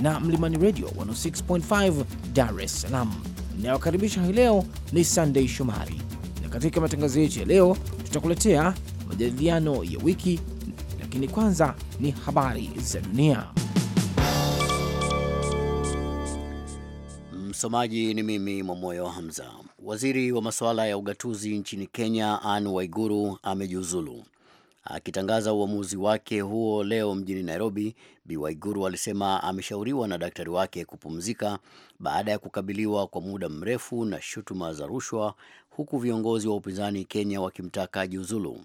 na Mlimani Radio 106.5 Dar es Salaam. Inayokaribisha hii leo ni Sunday Shomari, na katika matangazo yetu ya leo tutakuletea majadiliano ya wiki, lakini kwanza ni habari za dunia. Msomaji ni mimi Mwamoyo Hamza. Waziri wa masuala ya ugatuzi nchini Kenya, Anne Waiguru amejiuzulu. Akitangaza uamuzi wake huo leo mjini Nairobi, Bi Waiguru alisema ameshauriwa na daktari wake kupumzika baada ya kukabiliwa kwa muda mrefu na shutuma za rushwa, huku viongozi wa upinzani Kenya wakimtaka jiuzulu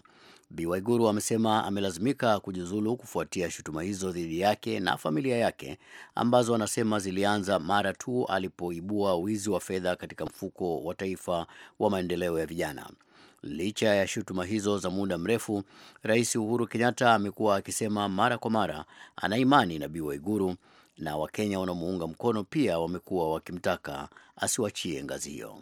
Bi Waiguru amesema amelazimika kujiuzulu kufuatia shutuma hizo dhidi yake na familia yake ambazo anasema zilianza mara tu alipoibua wizi wa fedha katika mfuko wa taifa wa maendeleo ya vijana. Licha ya shutuma hizo za muda mrefu, Rais Uhuru Kenyatta amekuwa akisema mara kwa mara ana imani na Bi Waiguru, na Wakenya wanamuunga mkono pia wamekuwa wakimtaka asiwachie ngazi hiyo.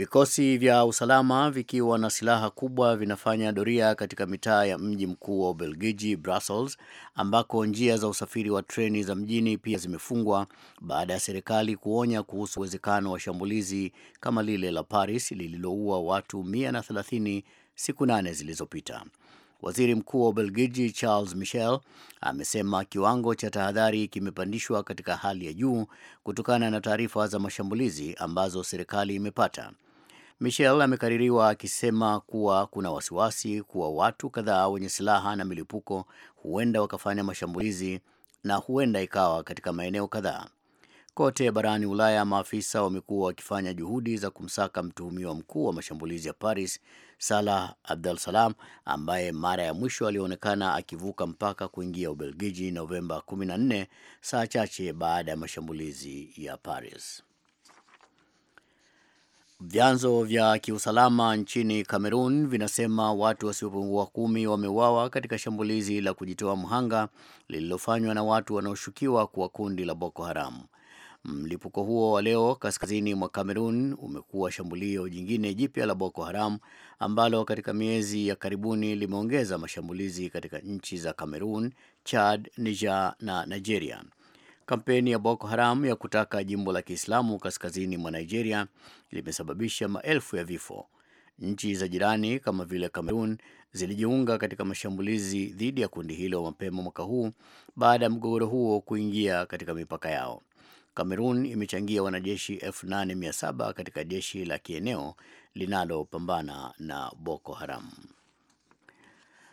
Vikosi vya usalama vikiwa na silaha kubwa vinafanya doria katika mitaa ya mji mkuu wa Ubelgiji, Brussels, ambako njia za usafiri wa treni za mjini pia zimefungwa baada ya serikali kuonya kuhusu uwezekano wa shambulizi kama lile la Paris lililoua watu 130 siku nane zilizopita. Waziri Mkuu wa Ubelgiji Charles Michel amesema kiwango cha tahadhari kimepandishwa katika hali ya juu kutokana na taarifa za mashambulizi ambazo serikali imepata. Michel amekaririwa akisema kuwa kuna wasiwasi kuwa watu kadhaa wenye silaha na milipuko huenda wakafanya mashambulizi na huenda ikawa katika maeneo kadhaa. Kote barani Ulaya, maafisa wamekuwa wakifanya juhudi za kumsaka mtuhumiwa mkuu wa mashambulizi ya Paris, Salah Abdul Salam, ambaye mara ya mwisho alionekana akivuka mpaka kuingia Ubelgiji Novemba 14, saa chache baada ya mashambulizi ya Paris. Vyanzo vya kiusalama nchini Kamerun vinasema watu wasiopungua kumi wameuawa katika shambulizi la kujitoa mhanga lililofanywa na watu wanaoshukiwa kuwa kundi la Boko Haram. Mlipuko huo wa leo kaskazini mwa Kamerun umekuwa shambulio jingine jipya la Boko Haram ambalo katika miezi ya karibuni limeongeza mashambulizi katika nchi za Kamerun, Chad, Niger na Nigeria. Kampeni ya Boko Haram ya kutaka jimbo la Kiislamu kaskazini mwa Nigeria limesababisha maelfu ya vifo. Nchi za jirani kama vile Cameroon zilijiunga katika mashambulizi dhidi ya kundi hilo mapema mwaka huu baada ya mgogoro huo kuingia katika mipaka yao. Cameroon imechangia wanajeshi 8700 katika jeshi la kieneo linalopambana na Boko Haram.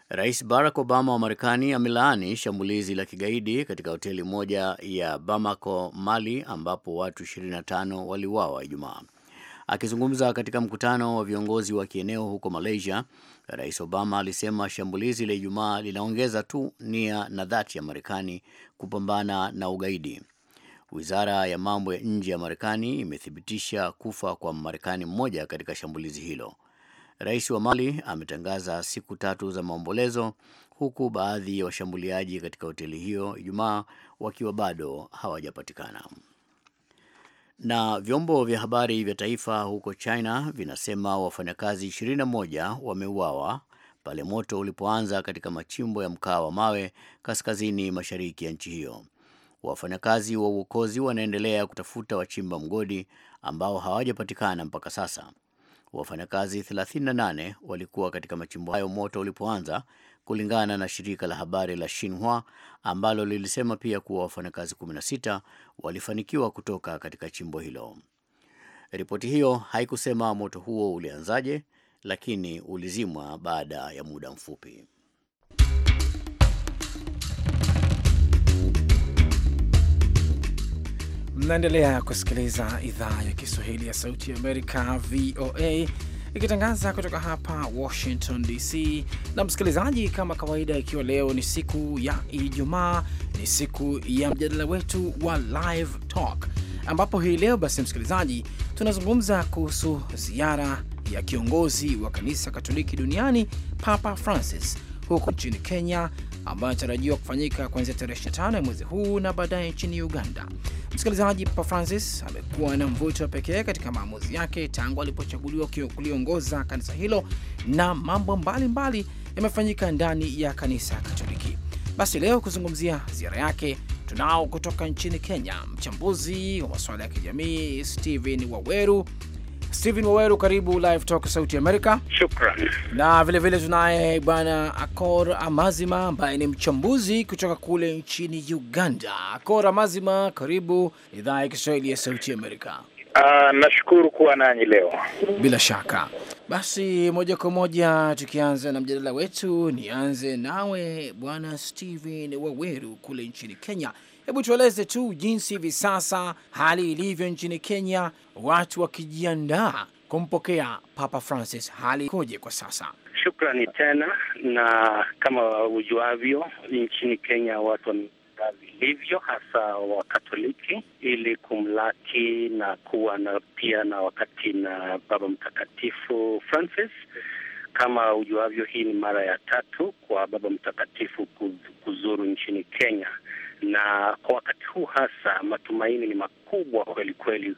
Rais Barack Obama wa Marekani amelaani shambulizi la kigaidi katika hoteli moja ya Bamako, Mali, ambapo watu 25 waliuawa Ijumaa. Akizungumza katika mkutano wa viongozi wa kieneo huko Malaysia, Rais Obama alisema shambulizi la Ijumaa linaongeza tu nia na dhati ya Marekani kupambana na ugaidi. Wizara ya mambo ya nje ya Marekani imethibitisha kufa kwa Marekani mmoja katika shambulizi hilo. Rais wa Mali ametangaza siku tatu za maombolezo huku baadhi ya wa washambuliaji katika hoteli hiyo Ijumaa wakiwa bado hawajapatikana. Na vyombo vya habari vya taifa huko China vinasema wafanyakazi 21 wameuawa pale moto ulipoanza katika machimbo ya mkaa wa mawe kaskazini mashariki ya nchi hiyo. Wafanyakazi wa uokozi wanaendelea kutafuta wachimba mgodi ambao hawajapatikana mpaka sasa. Wafanyakazi 38 walikuwa katika machimbo hayo moto ulipoanza, kulingana na shirika la habari la Shinhua ambalo lilisema pia kuwa wafanyakazi 16 walifanikiwa kutoka katika chimbo hilo. Ripoti hiyo haikusema moto huo ulianzaje, lakini ulizimwa baada ya muda mfupi. Mnaendelea kusikiliza idhaa ya Kiswahili ya Sauti ya Amerika, VOA, ikitangaza kutoka hapa Washington DC. Na msikilizaji, kama kawaida, ikiwa leo ni siku ya Ijumaa, ni siku ya mjadala wetu wa Live Talk, ambapo hii leo basi, msikilizaji, tunazungumza kuhusu ziara ya kiongozi wa kanisa Katoliki duniani Papa Francis huko nchini Kenya ambayo inatarajiwa kufanyika kuanzia tarehe 25 ya mwezi huu na baadaye nchini Uganda. Msikilizaji, Papa Francis amekuwa na mvuto wa pekee katika maamuzi yake tangu alipochaguliwa kuliongoza kanisa hilo, na mambo mbalimbali yamefanyika ndani ya kanisa Katoliki. Basi leo kuzungumzia ziara yake tunao kutoka nchini Kenya mchambuzi wa masuala ya kijamii Steven Waweru Stephen Waweru, karibu Live Talk Sauti Amerika. Shukran. Na vilevile tunaye bwana Akor Amazima ambaye ni mchambuzi kutoka kule nchini Uganda. Akor Amazima, karibu idhaa ya Kiswahili ya Sauti Amerika. Uh, nashukuru kuwa nanyi leo. Bila shaka basi, moja kwa moja tukianza na mjadala wetu, nianze nawe bwana Stephen Waweru kule nchini Kenya. Hebu tueleze tu jinsi hivi sasa hali ilivyo nchini Kenya, watu wakijiandaa kumpokea Papa Francis, hali ikoje kwa sasa? Shukrani tena, na kama ujuavyo, nchini Kenya watu wamejiandaa vilivyo, hasa Wakatoliki ili kumlaki na kuwa na pia na wakati na Baba Mtakatifu Francis. Kama ujuavyo, hii ni mara ya tatu kwa Baba Mtakatifu kuzuru nchini Kenya na kwa wakati huu hasa matumaini ni makubwa kweli kweli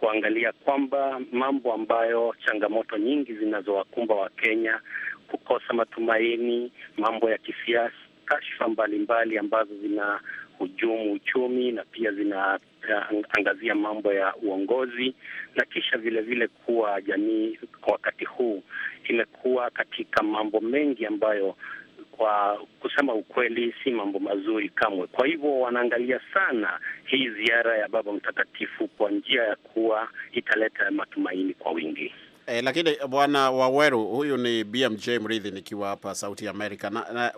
kuangalia kwamba mambo ambayo changamoto nyingi zinazowakumba Wakenya, kukosa matumaini, mambo ya kisiasa, kashfa mbalimbali ambazo zina hujumu uchumi na pia zinaangazia uh, mambo ya uongozi, na kisha vilevile vile kuwa jamii kwa wakati huu imekuwa katika mambo mengi ambayo kwa kusema ukweli, si mambo mazuri kamwe. Kwa hivyo wanaangalia sana hii ziara ya Baba Mtakatifu kwa njia ya kuwa italeta matumaini kwa wingi. E, lakini eh, bwana Waweru, huyu ni BMJ Mridhi nikiwa hapa Sauti ya Amerika na, na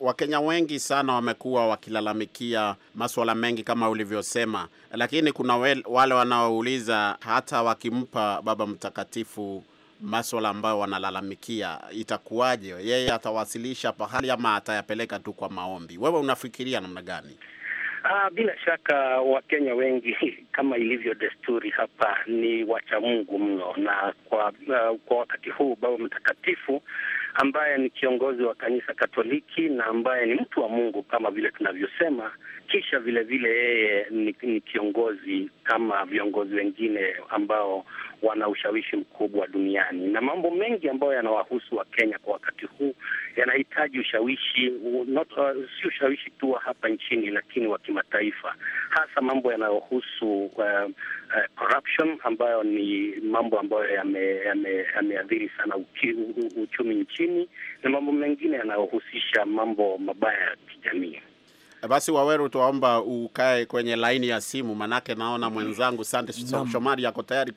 Wakenya wengi sana wamekuwa wakilalamikia maswala mengi kama ulivyosema, lakini kuna wale wanaouliza hata wakimpa Baba Mtakatifu maswala ambayo wanalalamikia, itakuwaje? Yeye atawasilisha pahali ama atayapeleka tu kwa maombi? Wewe unafikiria namna gani? Aa, ah, bila shaka Wakenya wengi kama ilivyo desturi hapa ni wachamungu mno, na kwa uh, kwa wakati huu Baba Mtakatifu ambaye ni kiongozi wa kanisa Katoliki na ambaye ni mtu wa Mungu kama vile tunavyosema. Kisha vilevile yeye ni, ni kiongozi kama viongozi wengine ambao wana ushawishi mkubwa duniani, na mambo mengi ambayo yanawahusu Wakenya kwa wakati huu yanahitaji ushawishi not, uh, si ushawishi tu wa hapa nchini, lakini wa kimataifa, hasa mambo yanayohusu uh, uh, corruption ambayo ni mambo ambayo yameathiri yame, yame sana uki, u, uchumi nchini nchini na mambo mengine yanayohusisha mambo mabaya ya kijamii. Basi Waweru, tuwaomba ukae kwenye laini ya simu, manake naona mm. mwenzangu Sande Shomari yako tayari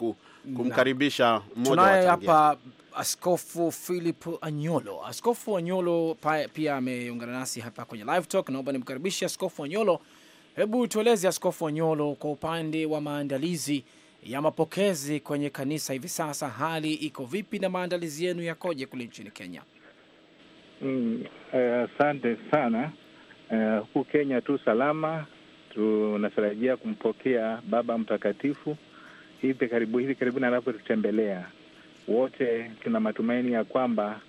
kumkaribisha mmoja hapa Askofu Philip Anyolo. Askofu Anyolo pia ameungana nasi hapa kwenye live talk. Naomba nimkaribishe Askofu Anyolo. Hebu tueleze Askofu Anyolo, kwa upande wa maandalizi ya mapokezi kwenye kanisa hivi sasa, hali iko vipi na maandalizi yenu yakoje kule nchini Kenya? Asante mm, eh, sana eh, huku Kenya tu salama. Tunatarajia kumpokea Baba Mtakatifu hivi karibu hivi karibuni anapotutembelea wote. Tuna matumaini ya kwamba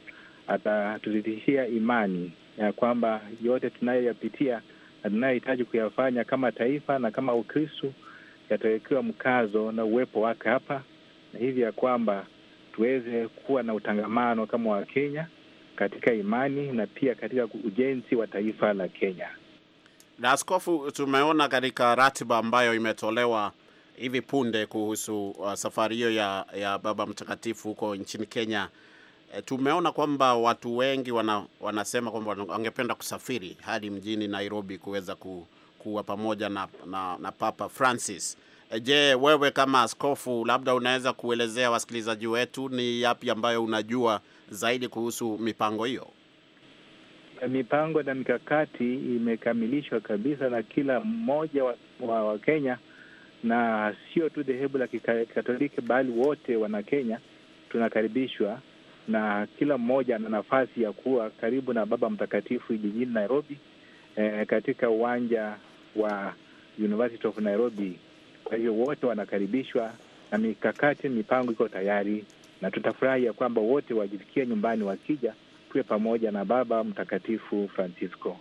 atatuzidishia imani ya kwamba yote tunayoyapitia na tunayohitaji kuyafanya kama taifa na kama Ukristu yatawekewa mkazo na uwepo wake hapa, na hivi ya kwamba tuweze kuwa na utangamano kama Wakenya katika imani na pia katika ujenzi wa taifa la Kenya. Na askofu, tumeona katika ratiba ambayo imetolewa hivi punde kuhusu uh, safari hiyo ya, ya Baba Mtakatifu huko nchini Kenya. E, tumeona kwamba watu wengi wana, wanasema kwamba wangependa kusafiri hadi mjini Nairobi kuweza ku, kuwa pamoja na, na, na Papa Francis. Eh, je, wewe kama askofu, labda unaweza kuelezea wasikilizaji wetu ni yapi ambayo unajua zaidi kuhusu mipango hiyo? Eh, mipango na mikakati imekamilishwa kabisa na kila mmoja wa, Wakenya wa Kenya na sio tu dhehebu la Kikatoliki bali wote wana Kenya tunakaribishwa, na kila mmoja ana nafasi ya kuwa karibu na Baba Mtakatifu jijini Nairobi, eh, katika uwanja wa University of Nairobi. Kwa hivyo wote wanakaribishwa na mikakati, mipango iko tayari, na tutafurahi ya kwamba wote wajifikia nyumbani wakija, tuwe pamoja na Baba Mtakatifu Francisco.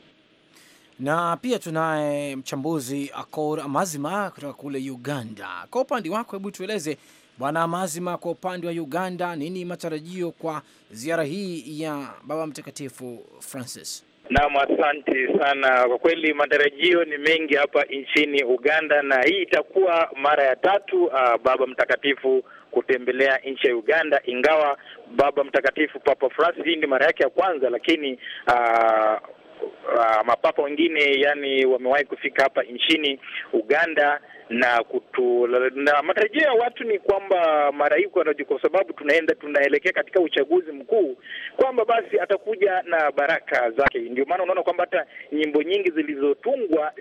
Na pia tunaye mchambuzi Akor Amazima kutoka kule Uganda. Kwa upande wako, hebu tueleze Bwana Amazima, kwa upande wa Uganda, nini matarajio kwa ziara hii ya Baba Mtakatifu Francis? Naam, asante sana. Kwa kweli matarajio ni mengi hapa nchini Uganda, na hii itakuwa mara ya tatu uh, Baba Mtakatifu kutembelea nchi ya Uganda, ingawa Baba Mtakatifu Papa Francis hii ni mara yake ya kwanza, lakini uh, uh, ah, mapapa wengine yani wamewahi kufika hapa nchini Uganda na kutu, na matarajio ya watu ni kwamba maraiku anaji kwa sababu tunaenda tunaelekea katika uchaguzi mkuu, kwamba basi atakuja na baraka zake. Ndio maana unaona kwamba hata nyimbo nyingi zilizotungwa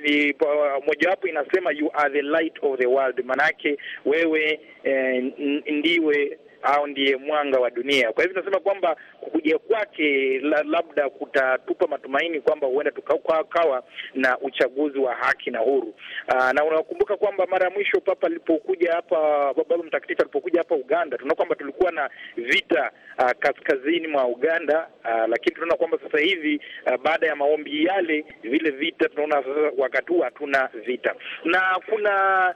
mojawapo inasema you are the light of the world, manake wewe eh, ndiwe au ndiye mwanga wa dunia. Kwa hivyo tunasema kwamba kukuja kwake la, labda kutatupa matumaini kwamba huenda tukakawa na uchaguzi wa haki na huru. Aa, ah, na unakumbuka kwamba mara ya mwisho Papa alipokuja hapa, Baba Mtakatifu alipokuja hapa Uganda, tunaona kwamba tulikuwa na vita aa, ah, kaskazini mwa Uganda aa, ah, lakini tunaona kwamba sasa hivi aa, baada ya maombi yale vile vita tunaona sasa wakati huu hatuna vita na kuna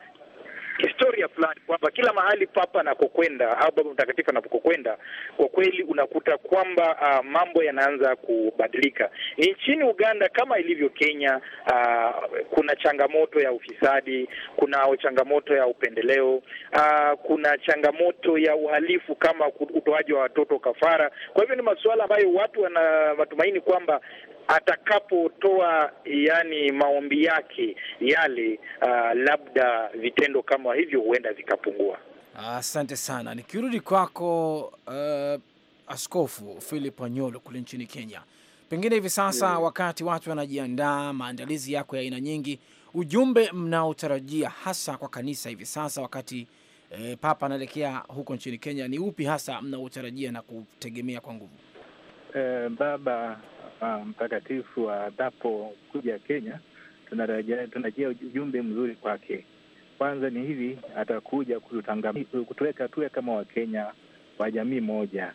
historia fulani kwamba kila mahali papa anakokwenda au baba mtakatifu anapokokwenda kwa kweli unakuta kwamba uh, mambo yanaanza kubadilika. nchini Uganda kama ilivyo Kenya, uh, kuna changamoto ya ufisadi, kuna changamoto ya upendeleo, uh, kuna changamoto ya uhalifu kama utoaji wa watoto kafara. Kwa hivyo ni masuala ambayo watu wana matumaini kwamba atakapotoa yani maombi yake yale, uh, labda vitendo kama hivyo huenda vikapungua. Asante sana. Nikirudi kwako, uh, Askofu Philip Anyolo kule nchini Kenya, pengine hivi sasa yeah, mm. wakati watu wanajiandaa, maandalizi yako ya aina nyingi, ujumbe mnaotarajia hasa kwa kanisa hivi sasa wakati eh, Papa anaelekea huko nchini Kenya ni upi hasa mnaotarajia na kutegemea kwa nguvu? eh, Baba uh, Mtakatifu adapo kuja Kenya, tunajia ujumbe mzuri kwake. Kwanza ni hivi, atakuja kutuweka tuwe kama Wakenya wa jamii moja.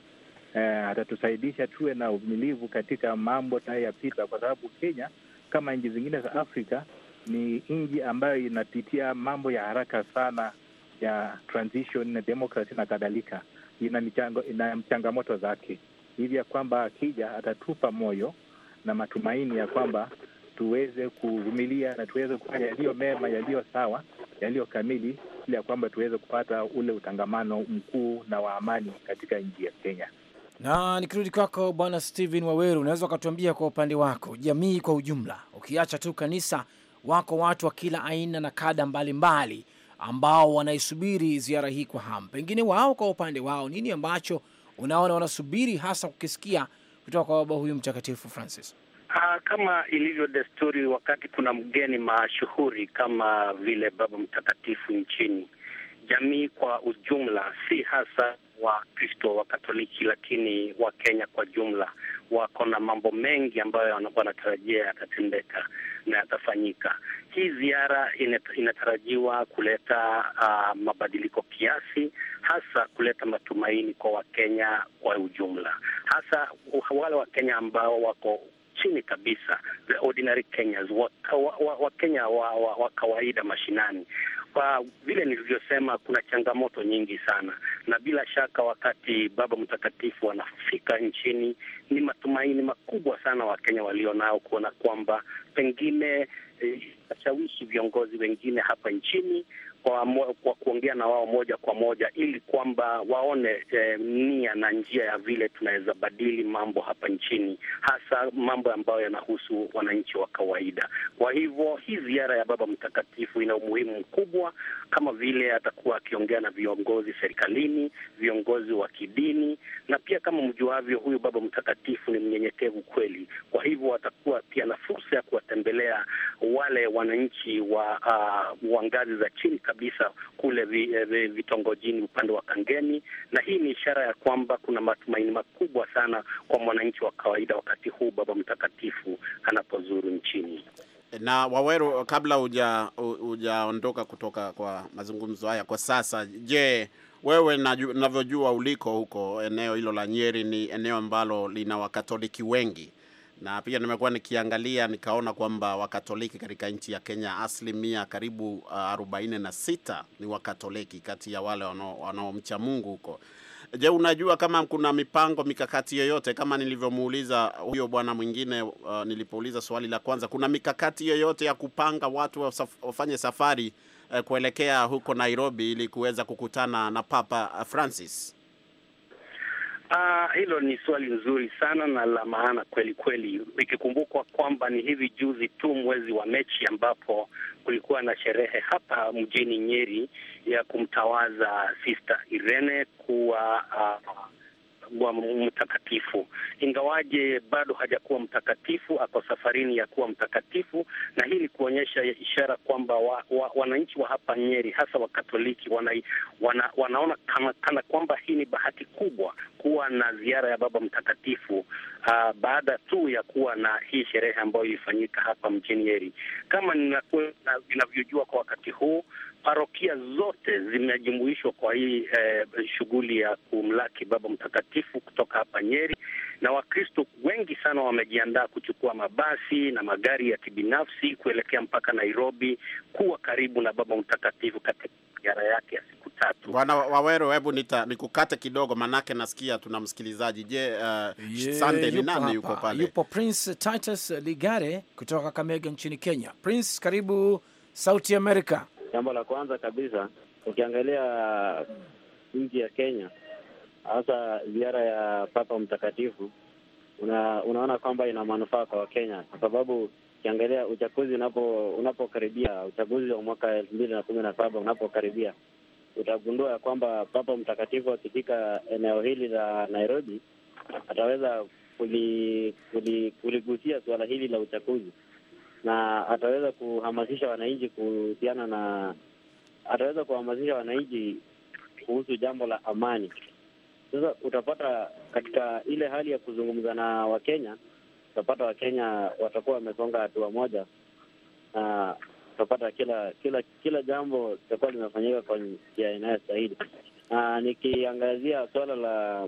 Eh, atatusaidisha tuwe na uvumilivu katika mambo tunayoyapita, kwa sababu Kenya kama nchi zingine za Afrika ni nchi ambayo inapitia mambo ya haraka sana ya transition na democracy na kadhalika, ina changamoto zake hivi ya kwamba akija atatupa moyo na matumaini ya kwamba tuweze kuvumilia na tuweze kufanya yaliyo mema, yaliyo sawa, yaliyo kamili, ili ya kwamba tuweze kupata ule utangamano mkuu na wa amani katika nchi ya Kenya. Na nikirudi kwako Bwana stehen Waweru, unaweza ukatuambia kwa upande wako, jamii kwa ujumla, ukiacha tu kanisa, wako watu wa kila aina na kada mbalimbali ambao wanaisubiri ziara hii kwa hamu. Pengine wao kwa upande wao, nini ambacho unaona wanasubiri hasa kukisikia kutoka kwa baba huyu mtakatifu Francis? Ah, kama ilivyo desturi, wakati kuna mgeni mashuhuri kama vile baba mtakatifu nchini, jamii kwa ujumla, si hasa Wakristo wa Katoliki, lakini Wakenya kwa jumla wako na mambo mengi ambayo wanakuwa wanatarajia yatatendeka na yatafanyika. Hii ziara inatarajiwa kuleta uh, mabadiliko kiasi, hasa kuleta matumaini kwa Wakenya kwa ujumla, hasa wale Wakenya ambao wako chini kabisa, the ordinary Kenyans, wa, wa, wa, wa kawaida mashinani kwa vile nilivyosema, kuna changamoto nyingi sana, na bila shaka wakati Baba Mtakatifu anafika nchini, ni matumaini makubwa sana Wakenya walio nao kuona kwamba pengine washawishi eh, viongozi wengine hapa nchini kwa, kwa kuongea na wao moja kwa moja ili kwamba waone eh, nia na njia ya vile tunaweza badili mambo hapa nchini, hasa mambo ambayo yanahusu wananchi wa kawaida. Kwa hivyo hii ziara ya Baba Mtakatifu ina umuhimu mkubwa, kama vile atakuwa akiongea na viongozi serikalini, viongozi wa kidini, na pia kama mjuavyo, huyu Baba Mtakatifu ni mnyenyekevu kweli. Kwa hivyo atakuwa pia na fursa ya kuwatembelea wale wananchi wa, uh, wa ngazi za chini kabisa kule eh, vitongojini upande wa kangeni na hii ni ishara ya kwamba kuna matumaini makubwa sana kwa mwananchi wa kawaida wakati huu Baba Mtakatifu anapozuru nchini. Na Waweru, kabla uja hujaondoka kutoka kwa mazungumzo haya kwa sasa, je, wewe navyojua uliko huko eneo hilo la Nyeri, ni eneo ambalo lina Wakatoliki wengi na pia nimekuwa nikiangalia nikaona kwamba Wakatoliki katika nchi ya Kenya asilimia karibu uh, ah, 46 ni Wakatoliki kati ya wale wanaomcha Mungu huko. Je, unajua kama kuna mipango mikakati yoyote kama nilivyomuuliza huyo bwana mwingine uh, nilipouliza swali la kwanza, kuna mikakati yoyote ya kupanga watu wafanye safari uh, kuelekea huko Nairobi ili kuweza kukutana na Papa Francis? Ah, hilo ni swali nzuri sana na la maana kweli kweli, ikikumbukwa kwamba ni hivi juzi tu mwezi wa Mechi ambapo kulikuwa na sherehe hapa mjini Nyeri ya kumtawaza Sister Irene kuwa uh, kuwa mtakatifu, ingawaje bado hajakuwa mtakatifu, ako safarini ya kuwa mtakatifu, na hii ni kuonyesha ishara kwamba wananchi wa, wananchi wa hapa Nyeri hasa Wakatoliki wana, wana, wanaona kana, kana kwamba hii ni bahati kubwa kuwa na ziara ya Baba Mtakatifu aa, ah, baada tu ya kuwa na hii sherehe ambayo ilifanyika hapa mjini Nyeri. Kama ninavyojua kwa wakati huu parokia zote zimejumuishwa kwa hii eh, shughuli ya kumlaki Baba Mtakatifu kutoka hapa Nyeri, na Wakristo wengi sana wamejiandaa kuchukua mabasi na magari ya kibinafsi kuelekea mpaka Nairobi kuwa karibu na Baba Mtakatifu katika ziara yake ya siku tatu. Bwana Wawero, hebu nita nikukate kidogo, manake nasikia tuna msikilizaji. Je, uh, eh, yeah, Sunday ni nani yuko pale? Yupo Prince Titus Ligare kutoka Kamega nchini Kenya. Prince, karibu Sauti Amerika. Jambo la kwanza kabisa, ukiangalia nchi ya Kenya, hasa ziara ya Papa Mtakatifu, una, unaona kwamba ina manufaa kwa Wakenya kwa sababu ukiangalia uchaguzi unapo unapokaribia uchaguzi wa mwaka elfu mbili na kumi na saba unapokaribia utagundua ya kwamba Papa Mtakatifu akifika eneo hili la Nairobi ataweza kuligusia kuli, kuli suala hili la uchaguzi na ataweza kuhamasisha wananchi kuhusiana na ataweza kuhamasisha wananchi kuhusu jambo la amani. Sasa utapata katika ile hali ya kuzungumza na Wakenya, utapata Wakenya watakuwa wamesonga hatua moja, na utapata kila kila kila jambo litakuwa limefanyika kwa njia inayostahili. Na nikiangazia suala la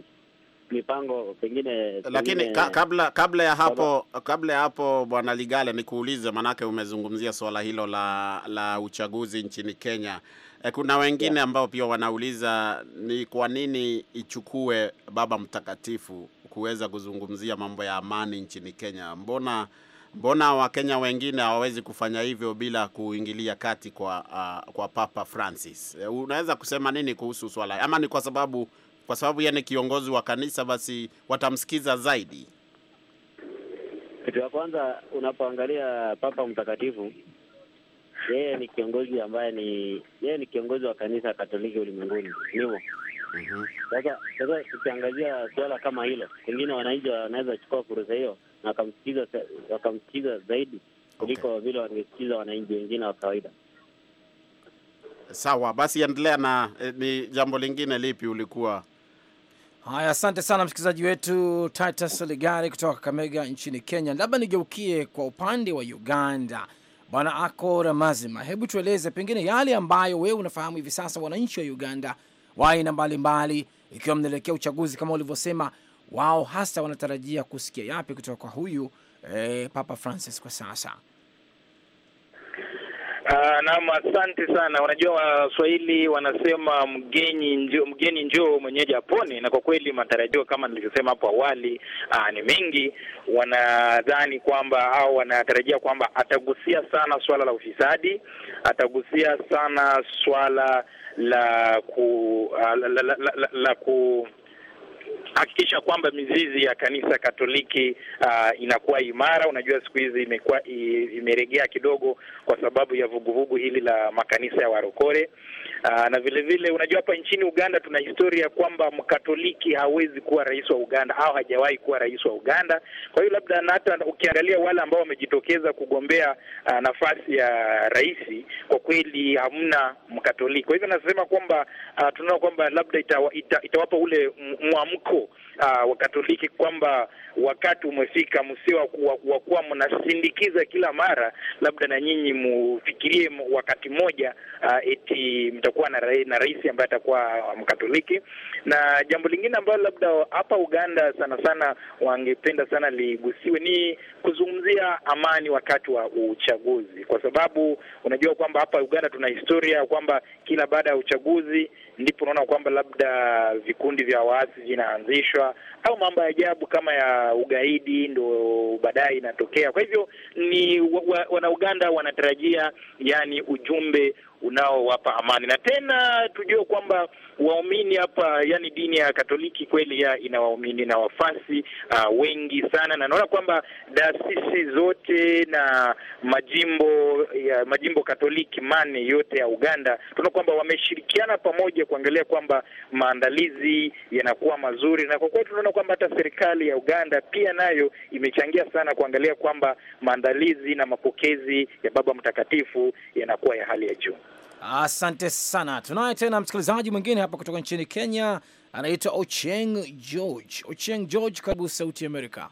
mipango pengine, lakini Ka, kabla kabla ya hapo kabla ya hapo Bwana Ligale, nikuulize, manake umezungumzia swala hilo la la uchaguzi nchini Kenya. E, kuna wengine ambao pia wanauliza ni kwa nini ichukue Baba Mtakatifu kuweza kuzungumzia mambo ya amani nchini Kenya? Mbona mbona Wakenya wengine hawawezi kufanya hivyo bila kuingilia kati kwa uh, kwa Papa Francis? E, unaweza kusema nini kuhusu swala ama ni kwa sababu kwa sababu yeye ni kiongozi wa kanisa, basi watamsikiza zaidi. Kitu ya kwanza unapoangalia Papa Mtakatifu, yeye ni kiongozi ambaye ni yeye ni kiongozi wa kanisa Katoliki ulimwenguni, ndivyo mhm. sasa. Sasa tukiangazia suala kama hilo, pengine wananchi wanaweza chukua fursa hiyo na wakamsikiza, wakamsikiza zaidi kuliko okay, vile wangesikiza wananchi wengine wa kawaida. Sawa, basi endelea na. Eh, ni jambo lingine lipi ulikuwa Haya, asante sana msikilizaji wetu Titus Ligari kutoka Kamega nchini Kenya. Labda nigeukie kwa upande wa Uganda, Bwana Ako Ramazima, hebu tueleze pengine yale ambayo wewe unafahamu hivi sasa, wananchi wa Uganda wa aina mbalimbali, ikiwa mnaelekea uchaguzi kama ulivyosema, wao hasa wanatarajia kusikia yapi kutoka kwa huyu eh, Papa Francis kwa sasa? Uh, naam, asante sana. Unajua Waswahili wanasema mgeni njoo, mgeni njoo mwenyeji apone, na kwa kweli matarajio kama nilivyosema hapo awali uh, ni mengi. Wanadhani kwamba au wanatarajia kwamba atagusia sana swala la ufisadi, atagusia sana swala la ku, uh, la, la, la, la, la, la la, hakikisha kwamba mizizi ya kanisa Katoliki uh, inakuwa imara. Unajua siku hizi imekuwa imeregea kidogo kwa sababu ya vuguvugu hili la makanisa ya warokore Aa, ah, na vile vile unajua hapa nchini Uganda tuna historia kwamba mkatoliki hawezi kuwa rais wa Uganda au hajawahi kuwa rais wa Uganda. Kwa hiyo labda hata ukiangalia wale ambao wamejitokeza kugombea aa, ah, nafasi ya rais, kwa kweli hamna mkatoliki. Kwa hivyo nasema kwamba ah, tunaona kwamba labda itawapa ita, itawapa ule mwamko Uh, Wakatoliki kwamba wakati umefika msiwa wa kuwa mnasindikiza kila mara, labda na nyinyi mufikirie wakati mmoja uh, eti mtakuwa na, na rais ambaye atakuwa Mkatoliki. Um, na jambo lingine ambalo labda hapa Uganda sana sana wangependa sana ligusiwe ni kuzungumzia amani wakati wa uchaguzi, kwa sababu unajua kwamba hapa Uganda tuna historia kwamba kila baada ya uchaguzi ndipo unaona kwamba labda vikundi vya waasi vinaanzishwa au mambo ya ajabu kama ya ugaidi ndo baadaye inatokea. Kwa hivyo ni wa, wa, Wanauganda wanatarajia yani ujumbe unaowapa amani. Na tena tujue kwamba waumini hapa, yani dini ya Katoliki kweli ya ina waumini na wafasi uh, wengi sana, na naona kwamba taasisi zote na majimbo ya majimbo Katoliki mane yote ya Uganda tunaona kwamba wameshirikiana pamoja kuangalia kwamba maandalizi yanakuwa mazuri, na kwa kweli tunaona kwamba hata serikali ya Uganda pia nayo imechangia sana kuangalia kwamba maandalizi na mapokezi ya Baba Mtakatifu yanakuwa ya hali ya juu. Asante sana. Tunaye tena msikilizaji mwingine hapa kutoka nchini Kenya, anaitwa Ocheng George. Ocheng George, karibu Sauti Amerika.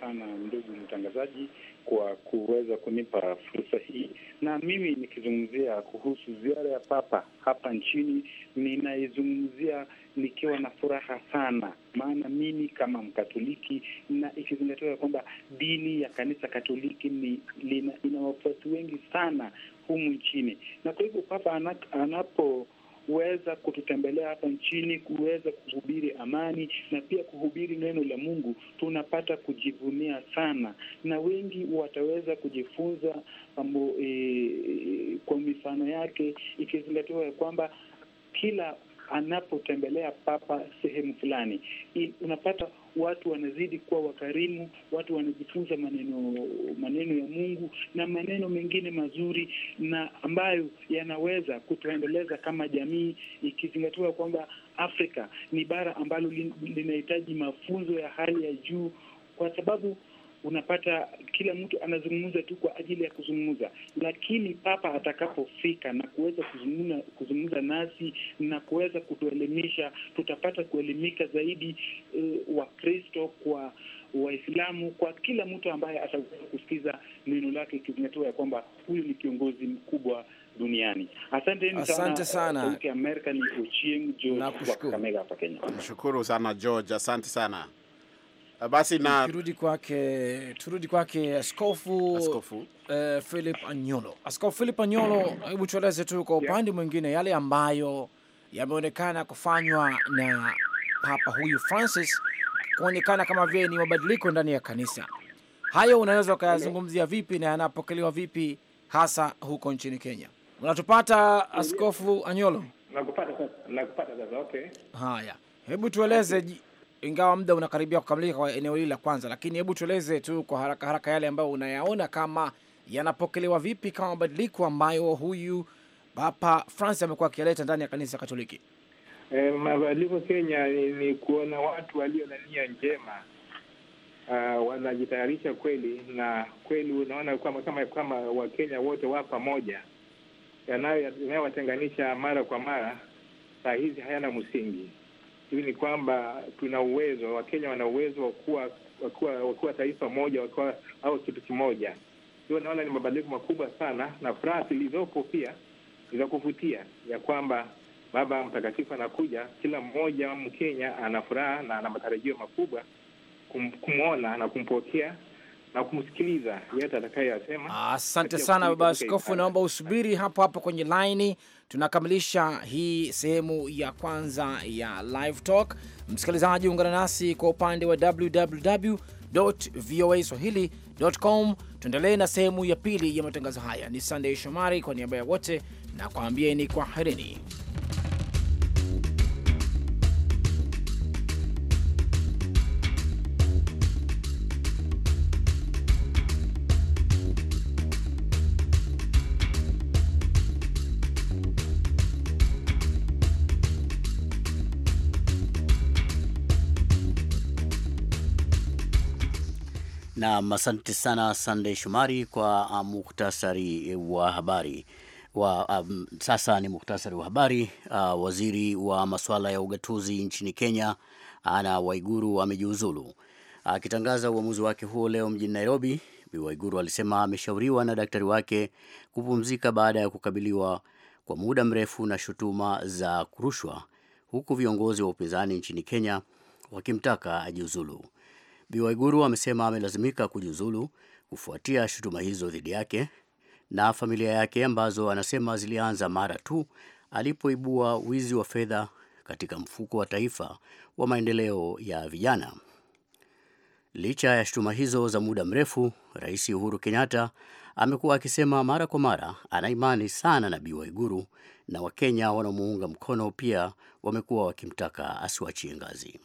Sana ndugu mtangazaji kwa kuweza kunipa fursa hii, na mimi nikizungumzia kuhusu ziara ya Papa hapa nchini, ninaizungumzia nikiwa na furaha sana, maana mimi kama Mkatoliki, na ikizingatiwa kwamba dini ya kanisa Katoliki ni ina wafuasi wengi sana humu nchini, na kwa hivyo Papa anapo kuweza kututembelea hapa nchini, kuweza kuhubiri amani na pia kuhubiri neno la Mungu, tunapata kujivunia sana, na wengi wataweza kujifunza ambo, e, kwa mifano yake, ikizingatiwa ya kwamba kila anapotembelea papa sehemu fulani, unapata watu wanazidi kuwa wakarimu, watu wanajifunza maneno maneno ya Mungu na maneno mengine mazuri na ambayo yanaweza kutuendeleza kama jamii, ikizingatiwa kwamba Afrika ni bara ambalo linahitaji mafunzo ya hali ya juu kwa sababu unapata kila mtu anazungumza tu kwa ajili ya kuzungumza, lakini papa atakapofika na kuweza kuzungumza nasi na kuweza kutuelimisha, tutapata kuelimika zaidi uh, eh, Wakristo kwa Waislamu kwa kila mtu ambaye ataweza kusikiza neno lake, ikizingatiwa ya kwamba huyu ni kiongozi mkubwa duniani. Asanteni asante sana, sana. Sauti ya Amerika ni Ochieng George wa Kakamega hapa Kenya. Nashukuru sana George, asante sana. Eh, basi na turudi kwake, turudi kwake Askofu, Askofu. Uh, Philip Anyolo. Askofu Philip Anyolo, hebu tueleze tu kwa upande yeah, mwingine yale ambayo yameonekana kufanywa na Papa huyu Francis kuonekana kama vile ni mabadiliko ndani ya kanisa. Hayo unaweza ukayazungumzia vipi na yanapokelewa vipi hasa huko nchini Kenya? Unatupata Askofu Anyolo? Nakupata sasa. Nakupata sasa. Okay. Haya. Hebu tueleze ingawa muda unakaribia kukamilika kwa eneo hili la kwanza, lakini hebu tueleze tu kwa haraka haraka yale ambayo unayaona kama yanapokelewa vipi kama mabadiliko ambayo huyu Papa Francis amekuwa akialeta ndani ya kanisa Katoliki. E, mabadiliko Kenya ni, ni kuona watu walio na nia njema uh, wanajitayarisha kweli na kweli, unaona kama kama, kama Wakenya wote wa pamoja, yanayowatenganisha mara kwa mara saa hizi hayana msingi hivi ni kwamba tuna uwezo, Wakenya wana uwezo wa kuwa taifa moja wakuwa, au kitu kimoja. Hiyo naona ni mabadiliko makubwa sana, na furaha zilizopo pia ni za kuvutia ya kwamba Baba Mtakatifu anakuja, kila mmoja Mkenya ana furaha na ana matarajio makubwa kum, kumwona na kumpokea na kumsikiliza yote atakayoyasema. Asante sana Baba Askofu, naomba usubiri hapo hapo kwenye laini tunakamilisha hii sehemu ya kwanza ya Live Talk. Msikilizaji, ungana nasi kwa upande wa www voa swahili.com. Tuendelee na sehemu ya pili ya matangazo haya. Ni Sandey Shomari kwa niaba ya wote na kwaambieni kwaherini. Nam, asante sana Sandey Shumari kwa ah, muhtasari eh, wa habari wa, um, sasa ni muhtasari wa habari. Uh, waziri wa masuala ya ugatuzi nchini Kenya ana Waiguru amejiuzulu. Akitangaza uh, uamuzi wake huo leo mjini Nairobi, Bi Waiguru alisema ameshauriwa na daktari wake kupumzika baada ya kukabiliwa kwa muda mrefu na shutuma za kurushwa, huku viongozi wa upinzani nchini Kenya wakimtaka ajiuzulu. Bi Waiguru amesema amelazimika kujiuzulu kufuatia shutuma hizo dhidi yake na familia yake ambazo anasema zilianza mara tu alipoibua wizi wa fedha katika mfuko wa taifa wa maendeleo ya vijana. Licha ya shutuma hizo za muda mrefu, Rais Uhuru Kenyatta amekuwa akisema mara kwa mara ana imani sana na Bi Waiguru, na Wakenya wanaomuunga mkono pia wamekuwa wakimtaka asiwachie ngazi.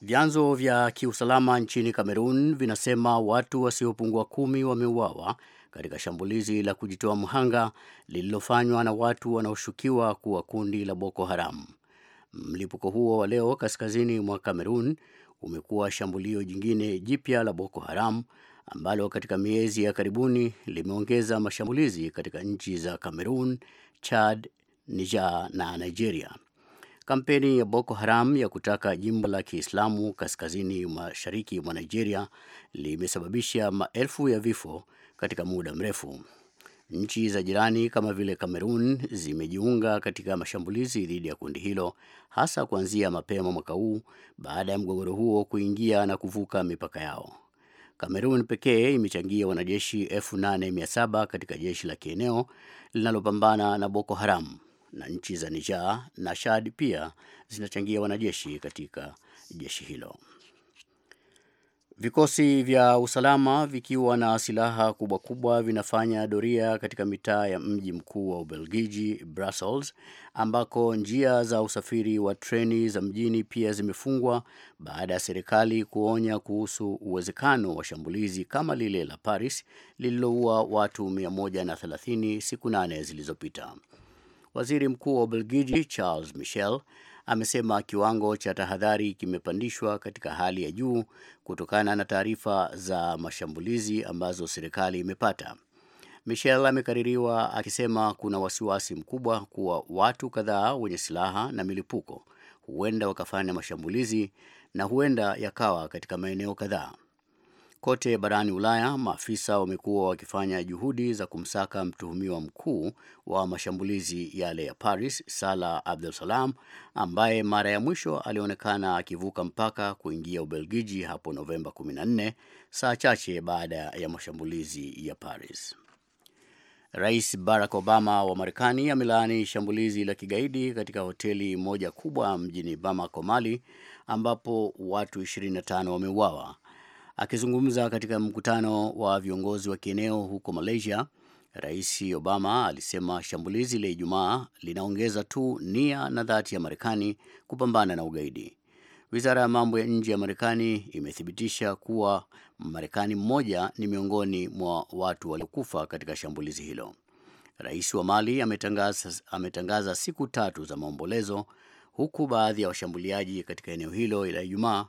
Vyanzo vya kiusalama nchini Kamerun vinasema watu wasiopungua kumi wameuawa katika shambulizi la kujitoa mhanga lililofanywa na watu wanaoshukiwa kuwa kundi la Boko Haram. Mlipuko huo wa leo kaskazini mwa Kamerun umekuwa shambulio jingine jipya la Boko Haram ambalo katika miezi ya karibuni limeongeza mashambulizi katika nchi za Kamerun, Chad, Niger na Nigeria. Kampeni ya Boko Haram ya kutaka jimbo la Kiislamu kaskazini mashariki mwa Nigeria limesababisha maelfu ya vifo katika muda mrefu. Nchi za jirani kama vile Kamerun zimejiunga katika mashambulizi dhidi ya kundi hilo hasa kuanzia mapema mwaka huu baada ya mgogoro huo kuingia na kuvuka mipaka yao. Kamerun pekee imechangia wanajeshi 8700 katika jeshi la kieneo linalopambana na Boko Haram na nchi za Niger na Chad pia zinachangia wanajeshi katika jeshi hilo. Vikosi vya usalama vikiwa na silaha kubwa kubwa vinafanya doria katika mitaa ya mji mkuu wa Ubelgiji, Brussels, ambako njia za usafiri wa treni za mjini pia zimefungwa baada ya serikali kuonya kuhusu uwezekano wa shambulizi kama lile la Paris lililoua watu 130 siku nane zilizopita. Waziri Mkuu wa Ubelgiji Charles Michel amesema kiwango cha tahadhari kimepandishwa katika hali ya juu kutokana na taarifa za mashambulizi ambazo serikali imepata. Michel amekaririwa akisema kuna wasiwasi mkubwa kuwa watu kadhaa wenye silaha na milipuko huenda wakafanya mashambulizi na huenda yakawa katika maeneo kadhaa. Kote barani Ulaya, maafisa wamekuwa wakifanya juhudi za kumsaka mtuhumiwa mkuu wa mashambulizi yale ya Paris, Salah Abdul ambaye mara ya mwisho alionekana akivuka mpaka kuingia Ubelgiji hapo Novemba 14, saa chache baada ya mashambulizi ya Paris. Rais Barack Obama wa Marekani amelaani shambulizi la kigaidi katika hoteli moja kubwa mjini Bamako, Mali, ambapo watu 25 wameuawa. Akizungumza katika mkutano wa viongozi wa kieneo huko Malaysia, Rais Obama alisema shambulizi la Ijumaa linaongeza tu nia na dhati ya Marekani kupambana na ugaidi. Wizara ya mambo ya nje ya Marekani imethibitisha kuwa Marekani mmoja ni miongoni mwa watu waliokufa katika shambulizi hilo. Rais wa Mali ametangaza, ametangaza siku tatu za maombolezo huku baadhi ya washambuliaji katika eneo hilo la Ijumaa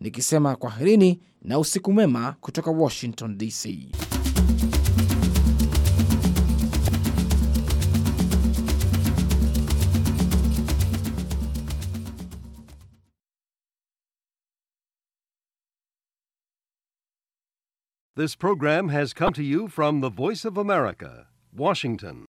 nikisema kwaherini na usiku mwema kutoka Washington DC. This program has come to you from the Voice of America, Washington.